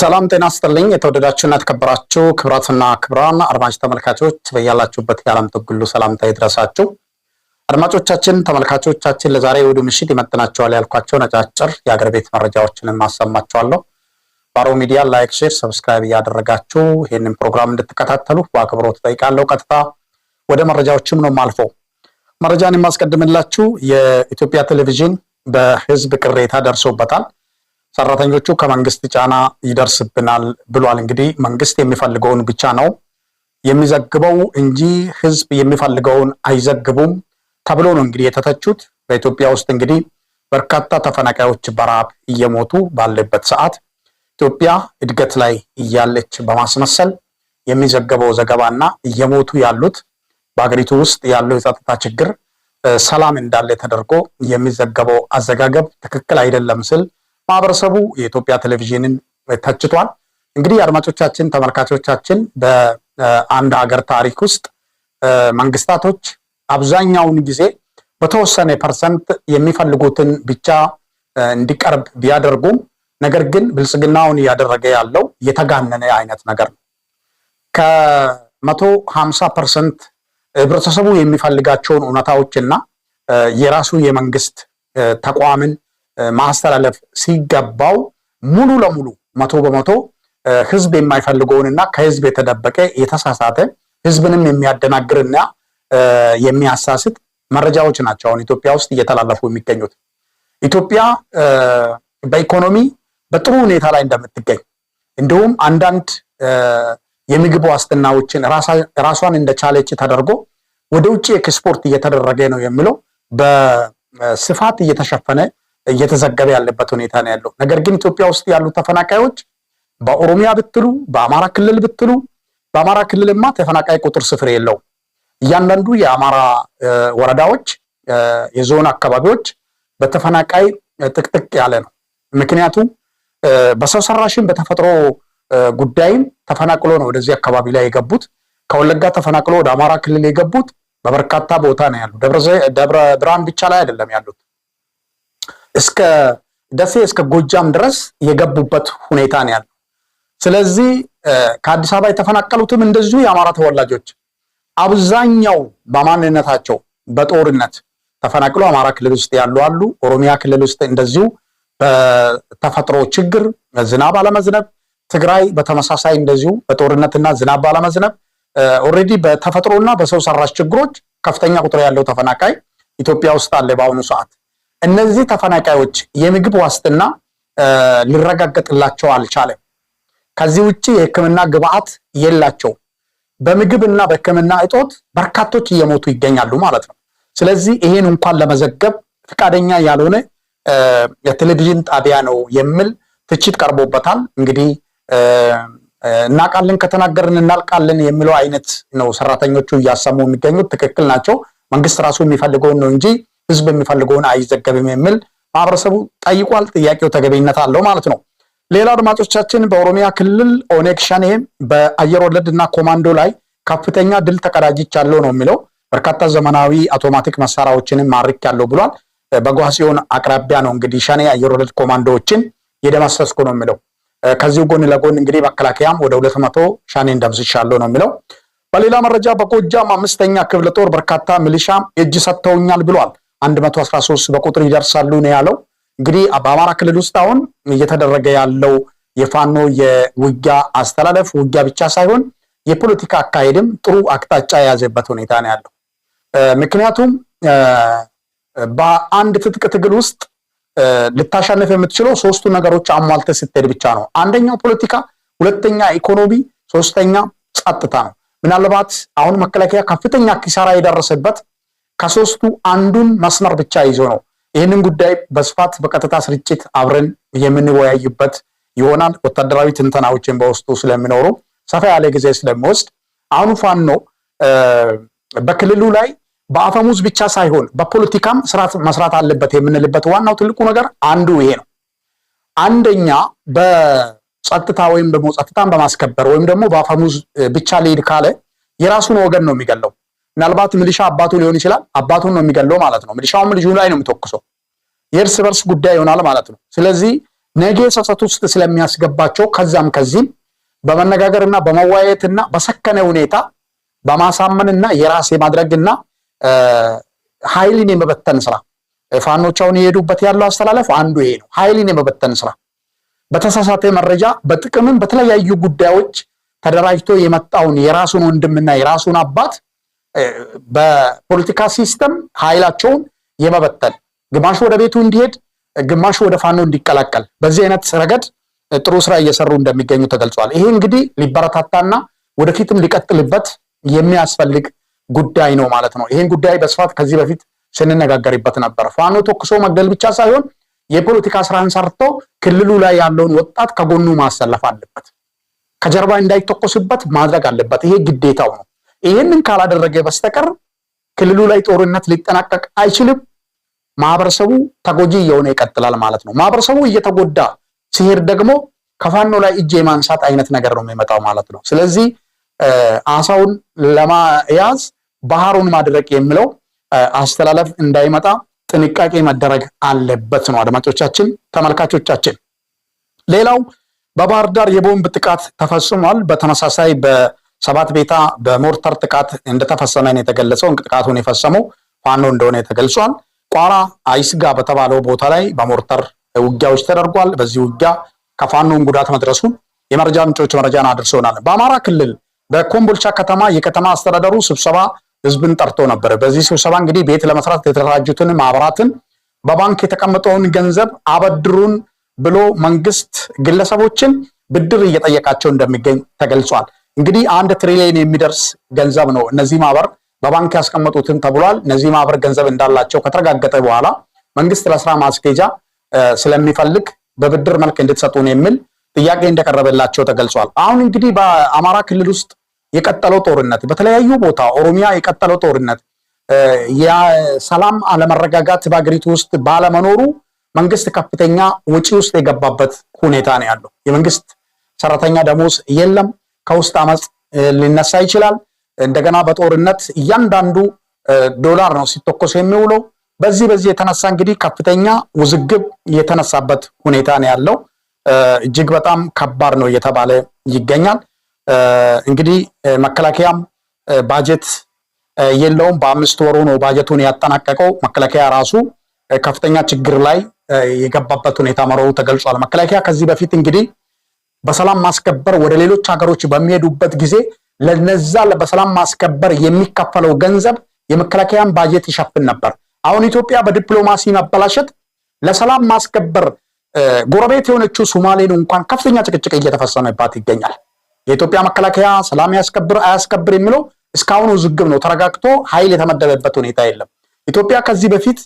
ሰላም ጤና ስጥልኝ። የተወደዳችሁና የተከበራችሁ ክብራትና ክብራን አድማጭ ተመልካቾች በያላችሁበት የዓለም ጥግ ሰላምታ ይድረሳችሁ። አድማጮቻችን፣ ተመልካቾቻችን ለዛሬ እሑድ ምሽት ይመጥናቸዋል ያልኳቸው ነጫጭር የአገር ቤት መረጃዎችንም አሰማችኋለሁ። ባሮ ሚዲያ ላይክ፣ ሼር፣ ሰብስክራይብ እያደረጋችሁ ይህንን ፕሮግራም እንድትከታተሉ በአክብሮት ጠይቃለሁ። ቀጥታ ወደ መረጃዎችም ነው ማልፎ መረጃን የማስቀድምላችሁ የኢትዮጵያ ቴሌቪዥን በህዝብ ቅሬታ ደርሶበታል ሰራተኞቹ ከመንግስት ጫና ይደርስብናል ብሏል። እንግዲህ መንግስት የሚፈልገውን ብቻ ነው የሚዘግበው እንጂ ህዝብ የሚፈልገውን አይዘግቡም ተብሎ ነው እንግዲህ የተተቹት። በኢትዮጵያ ውስጥ እንግዲህ በርካታ ተፈናቃዮች በረሃብ እየሞቱ ባለበት ሰዓት ኢትዮጵያ እድገት ላይ እያለች በማስመሰል የሚዘገበው ዘገባና እየሞቱ ያሉት በሀገሪቱ ውስጥ ያለው የጸጥታ ችግር ሰላም እንዳለ ተደርጎ የሚዘገበው አዘጋገብ ትክክል አይደለም ስል ማህበረሰቡ የኢትዮጵያ ቴሌቪዥንን ተችቷል። እንግዲህ አድማጮቻችን፣ ተመልካቾቻችን በአንድ ሀገር ታሪክ ውስጥ መንግስታቶች አብዛኛውን ጊዜ በተወሰነ ፐርሰንት የሚፈልጉትን ብቻ እንዲቀርብ ቢያደርጉም ነገር ግን ብልጽግናውን እያደረገ ያለው የተጋነነ አይነት ነገር ነው። ከመቶ ሀምሳ ፐርሰንት ህብረተሰቡ የሚፈልጋቸውን እውነታዎችና የራሱ የመንግስት ተቋምን ማስተላለፍ ሲገባው ሙሉ ለሙሉ መቶ በመቶ ህዝብ የማይፈልገውንና ከህዝብ የተደበቀ የተሳሳተ ህዝብንም የሚያደናግርና የሚያሳስት መረጃዎች ናቸው አሁን ኢትዮጵያ ውስጥ እየተላለፉ የሚገኙት። ኢትዮጵያ በኢኮኖሚ በጥሩ ሁኔታ ላይ እንደምትገኝ እንዲሁም አንዳንድ የምግብ ዋስትናዎችን ራሷን እንደቻለች ተደርጎ ወደ ውጭ ኤክስፖርት እየተደረገ ነው የሚለው በስፋት እየተሸፈነ እየተዘገበ ያለበት ሁኔታ ነው ያለው። ነገር ግን ኢትዮጵያ ውስጥ ያሉ ተፈናቃዮች በኦሮሚያ ብትሉ፣ በአማራ ክልል ብትሉ፣ በአማራ ክልልማ ተፈናቃይ ቁጥር ስፍር የለው። እያንዳንዱ የአማራ ወረዳዎች፣ የዞን አካባቢዎች በተፈናቃይ ጥቅጥቅ ያለ ነው። ምክንያቱም በሰው ሰራሽም በተፈጥሮ ጉዳይም ተፈናቅሎ ነው ወደዚህ አካባቢ ላይ የገቡት። ከወለጋ ተፈናቅሎ ወደ አማራ ክልል የገቡት በበርካታ ቦታ ነው ያሉ። ደብረ ብርሃን ብቻ ላይ አይደለም ያሉት። እስከ ደሴ እስከ ጎጃም ድረስ የገቡበት ሁኔታ ነው ያለው። ስለዚህ ከአዲስ አበባ የተፈናቀሉትም እንደዚሁ የአማራ ተወላጆች አብዛኛው በማንነታቸው በጦርነት ተፈናቅሎ አማራ ክልል ውስጥ ያሉ አሉ። ኦሮሚያ ክልል ውስጥ እንደዚሁ በተፈጥሮ ችግር ዝናብ አለመዝነብ፣ ትግራይ በተመሳሳይ እንደዚሁ በጦርነትና ዝናብ አለመዝነብ፣ ኦልሬዲ በተፈጥሮና በሰው ሰራሽ ችግሮች ከፍተኛ ቁጥር ያለው ተፈናቃይ ኢትዮጵያ ውስጥ አለ በአሁኑ ሰዓት። እነዚህ ተፈናቃዮች የምግብ ዋስትና ሊረጋገጥላቸው አልቻለም። ከዚህ ውጭ የሕክምና ግብአት የላቸው። በምግብና በህክምና በሕክምና እጦት በርካቶች እየሞቱ ይገኛሉ ማለት ነው። ስለዚህ ይሄን እንኳን ለመዘገብ ፈቃደኛ ያልሆነ የቴሌቪዥን ጣቢያ ነው የሚል ትችት ቀርቦበታል። እንግዲህ እናቃለን ከተናገርን እናልቃለን የሚለው አይነት ነው ሰራተኞቹ እያሰሙ የሚገኙት። ትክክል ናቸው። መንግስት ራሱ የሚፈልገውን ነው እንጂ ህዝብ የሚፈልገውን አይዘገብም የሚል ማህበረሰቡ ጠይቋል። ጥያቄው ተገቢነት አለው ማለት ነው። ሌላ አድማጮቻችን፣ በኦሮሚያ ክልል ኦኔግ ሸኔ በአየር ወለድ እና ኮማንዶ ላይ ከፍተኛ ድል ተቀዳጅቻለሁ ነው የሚለው። በርካታ ዘመናዊ አውቶማቲክ መሳሪያዎችንም ያለው ብሏል። በጓሲዮን አቅራቢያ ነው እንግዲህ ሸኔ አየር ወለድ ኮማንዶዎችን የደመሰስኩ ነው የሚለው። ከዚሁ ጎን ለጎን እንግዲህ መከላከያም ወደ ሁለት መቶ ሸኔን ደምስሻለሁ ነው የሚለው። በሌላ መረጃ በጎጃም አምስተኛ ክፍለ ጦር በርካታ ሚሊሻ እጅ ሰጥተውኛል ብሏል። 113 በቁጥር ይደርሳሉ ነው ያለው። እንግዲህ በአማራ ክልል ውስጥ አሁን እየተደረገ ያለው የፋኖ የውጊያ አስተላለፍ ውጊያ ብቻ ሳይሆን የፖለቲካ አካሄድም ጥሩ አቅጣጫ የያዘበት ሁኔታ ነው ያለው። ምክንያቱም በአንድ ትጥቅ ትግል ውስጥ ልታሸንፍ የምትችለው ሶስቱ ነገሮች አሟልተ ስትሄድ ብቻ ነው። አንደኛው ፖለቲካ፣ ሁለተኛ ኢኮኖሚ፣ ሶስተኛ ጸጥታ ነው። ምናልባት አሁን መከላከያ ከፍተኛ ኪሳራ የደረሰበት ከሶስቱ አንዱን መስመር ብቻ ይዞ ነው ይህንን ጉዳይ በስፋት በቀጥታ ስርጭት አብረን የምንወያይበት ይሆናል። ወታደራዊ ትንተናዎችን በውስጡ ስለሚኖሩ ሰፋ ያለ ጊዜ ስለሚወስድ አሁኑ ፋኖ በክልሉ ላይ በአፈሙዝ ብቻ ሳይሆን በፖለቲካም ስራት መስራት አለበት የምንልበት ዋናው ትልቁ ነገር አንዱ ይሄ ነው። አንደኛ በጸጥታ ወይም ደግሞ ጸጥታን በማስከበር ወይም ደግሞ በአፈሙዝ ብቻ ሊሄድ ካለ የራሱን ወገን ነው የሚገለው። ምናልባት ሚሊሻ አባቱ ሊሆን ይችላል። አባቱን ነው የሚገለው ማለት ነው። ምልሻውም ልጁ ላይ ነው የሚተኩሰው። የእርስ በርስ ጉዳይ ይሆናል ማለት ነው። ስለዚህ ነገ ሰሰት ውስጥ ስለሚያስገባቸው ከዛም ከዚህም በመነጋገርና በመወያየትና በሰከነ ሁኔታ በማሳመንና የራስ ማድረግና ኃይልን የመበተን ስራ ፋኖቻውን የሄዱበት ያለው አስተላለፍ አንዱ ይሄ ነው። ኃይልን የመበተን ስራ በተሳሳተ መረጃ በጥቅምም በተለያዩ ጉዳዮች ተደራጅቶ የመጣውን የራሱን ወንድምና የራሱን አባት በፖለቲካ ሲስተም ኃይላቸውን የመበተን ግማሹ ወደ ቤቱ እንዲሄድ፣ ግማሹ ወደ ፋኖ እንዲቀላቀል በዚህ አይነት ረገድ ጥሩ ስራ እየሰሩ እንደሚገኙ ተገልጿል። ይሄ እንግዲህ ሊበረታታና ወደፊትም ሊቀጥልበት የሚያስፈልግ ጉዳይ ነው ማለት ነው። ይሄን ጉዳይ በስፋት ከዚህ በፊት ስንነጋገርበት ነበር። ፋኖ ተኩሶ መግደል ብቻ ሳይሆን የፖለቲካ ስራን ሰርቶ ክልሉ ላይ ያለውን ወጣት ከጎኑ ማሰለፍ አለበት። ከጀርባ እንዳይተኮስበት ማድረግ አለበት። ይሄ ግዴታው ነው። ይህንን ካላደረገ በስተቀር ክልሉ ላይ ጦርነት ሊጠናቀቅ አይችልም። ማህበረሰቡ ተጎጂ እየሆነ ይቀጥላል ማለት ነው። ማህበረሰቡ እየተጎዳ ሲሄድ ደግሞ ከፋኖ ላይ እጅ የማንሳት አይነት ነገር ነው የሚመጣው ማለት ነው። ስለዚህ አሳውን ለማያዝ ባህሩን ማድረቅ የሚለው አስተላለፍ እንዳይመጣ ጥንቃቄ መደረግ አለበት ነው። አድማጮቻችን፣ ተመልካቾቻችን ሌላው በባህር ዳር የቦምብ ጥቃት ተፈጽሟል። በተመሳሳይ ሰባት ቤታ በሞርተር ጥቃት እንደተፈጸመን የተገለጸው ጥቃቱን የፈጸመው ፋኖ እንደሆነ ተገልጿል። ቋራ አይስጋ በተባለው ቦታ ላይ በሞርተር ውጊያዎች ተደርጓል። በዚህ ውጊያ ከፋኖን ጉዳት መድረሱን የመረጃ ምንጮች መረጃን አድርሰውናል። በአማራ ክልል በኮምቦልቻ ከተማ የከተማ አስተዳደሩ ስብሰባ ህዝብን ጠርቶ ነበር። በዚህ ስብሰባ እንግዲህ ቤት ለመስራት የተደራጁትን ማህበራትን በባንክ የተቀመጠውን ገንዘብ አበድሩን ብሎ መንግስት ግለሰቦችን ብድር እየጠየቃቸው እንደሚገኝ ተገልጿል። እንግዲህ አንድ ትሪሊየን የሚደርስ ገንዘብ ነው እነዚህ ማህበር በባንክ ያስቀመጡትን ተብሏል። እነዚህ ማህበር ገንዘብ እንዳላቸው ከተረጋገጠ በኋላ መንግስት ለስራ ማስኬጃ ስለሚፈልግ በብድር መልክ እንድትሰጡን የሚል ጥያቄ እንደቀረበላቸው ተገልጿል። አሁን እንግዲህ በአማራ ክልል ውስጥ የቀጠለው ጦርነት፣ በተለያዩ ቦታ ኦሮሚያ የቀጠለው ጦርነት፣ የሰላም አለመረጋጋት በአገሪቱ ውስጥ ባለመኖሩ መንግስት ከፍተኛ ውጪ ውስጥ የገባበት ሁኔታ ነው ያለው። የመንግስት ሰራተኛ ደሞዝ የለም። ከውስጥ አመፅ ሊነሳ ይችላል። እንደገና በጦርነት እያንዳንዱ ዶላር ነው ሲተኮስ የሚውለው። በዚህ በዚህ የተነሳ እንግዲህ ከፍተኛ ውዝግብ የተነሳበት ሁኔታ ነው ያለው። እጅግ በጣም ከባድ ነው እየተባለ ይገኛል። እንግዲህ መከላከያም ባጀት የለውም። በአምስት ወሩ ነው ባጀቱን ያጠናቀቀው። መከላከያ ራሱ ከፍተኛ ችግር ላይ የገባበት ሁኔታ መኖሩ ተገልጿል። መከላከያ ከዚህ በፊት እንግዲህ በሰላም ማስከበር ወደ ሌሎች ሀገሮች በሚሄዱበት ጊዜ ለነዛ በሰላም ማስከበር የሚከፈለው ገንዘብ የመከላከያን ባጀት ይሸፍን ነበር። አሁን ኢትዮጵያ በዲፕሎማሲ መበላሸት ለሰላም ማስከበር ጎረቤት የሆነችው ሱማሌን እንኳን ከፍተኛ ጭቅጭቅ እየተፈሰመባት ይገኛል። የኢትዮጵያ መከላከያ ሰላም ያስከብር አያስከብር የሚለው እስካሁን ውዝግብ ነው። ተረጋግቶ ኃይል የተመደበበት ሁኔታ የለም። ኢትዮጵያ ከዚህ በፊት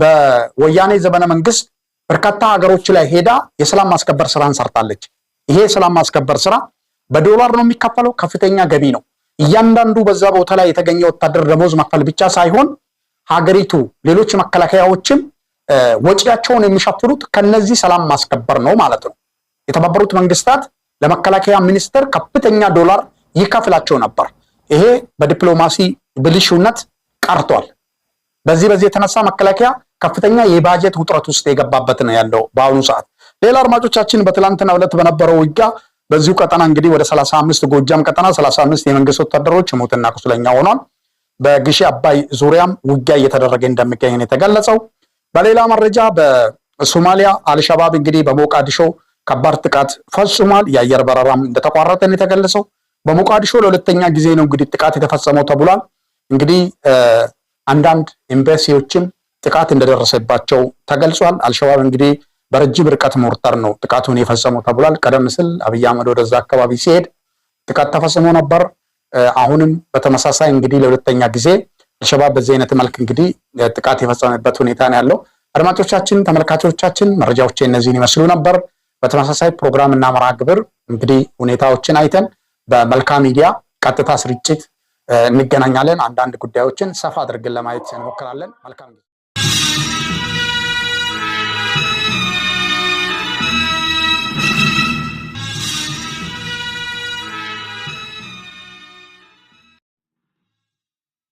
በወያኔ ዘመነ መንግስት በርካታ ሀገሮች ላይ ሄዳ የሰላም ማስከበር ስራን ሰርታለች። ይሄ የሰላም ማስከበር ስራ በዶላር ነው የሚከፈለው። ከፍተኛ ገቢ ነው። እያንዳንዱ በዛ ቦታ ላይ የተገኘ ወታደር ደሞዝ መክፈል ብቻ ሳይሆን ሀገሪቱ ሌሎች መከላከያዎችም ወጪያቸውን የሚሸፍኑት ከነዚህ ሰላም ማስከበር ነው ማለት ነው። የተባበሩት መንግስታት ለመከላከያ ሚኒስቴር ከፍተኛ ዶላር ይከፍላቸው ነበር። ይሄ በዲፕሎማሲ ብልሹነት ቀርቷል። በዚህ በዚህ የተነሳ መከላከያ ከፍተኛ የባጀት ውጥረት ውስጥ የገባበት ነው ያለው በአሁኑ ሰዓት። ሌላ አድማጮቻችን በትላንትና ዕለት በነበረው ውጊያ በዚሁ ቀጠና እንግዲህ ወደ 35 ጎጃም ቀጠና 35 የመንግስት ወታደሮች ሞትና ቁስለኛ ሆኗል። በግሺ አባይ ዙሪያም ውጊያ እየተደረገ እንደሚገኝ ነው የተገለጸው። በሌላ መረጃ በሶማሊያ አልሸባብ እንግዲህ በሞቃዲሾ ከባድ ጥቃት ፈጽሟል። የአየር በረራም እንደተቋረጠ ነው የተገለጸው። በሞቃዲሾ ለሁለተኛ ጊዜ ነው እንግዲህ ጥቃት የተፈጸመው ተብሏል። እንግዲህ አንዳንድ ኤምባሲዎችም ጥቃት እንደደረሰባቸው ተገልጿል። አልሸባብ እንግዲህ በረጅም ርቀት ሞርተር ነው ጥቃቱን የፈጸመው ተብሏል። ቀደም ሲል አብይ አህመድ ወደዛ አካባቢ ሲሄድ ጥቃት ተፈጽሞ ነበር። አሁንም በተመሳሳይ እንግዲህ ለሁለተኛ ጊዜ አልሸባብ በዚህ አይነት መልክ እንግዲህ ጥቃት የፈጸመበት ሁኔታ ነው ያለው። አድማጮቻችን፣ ተመልካቾቻችን መረጃዎች እነዚህን ይመስሉ ነበር። በተመሳሳይ ፕሮግራም እና መርሃ ግብር እንግዲህ ሁኔታዎችን አይተን በመልካ ሚዲያ ቀጥታ ስርጭት እንገናኛለን። አንዳንድ ጉዳዮችን ሰፋ አድርገን ለማየት እንሞክራለን። መልካም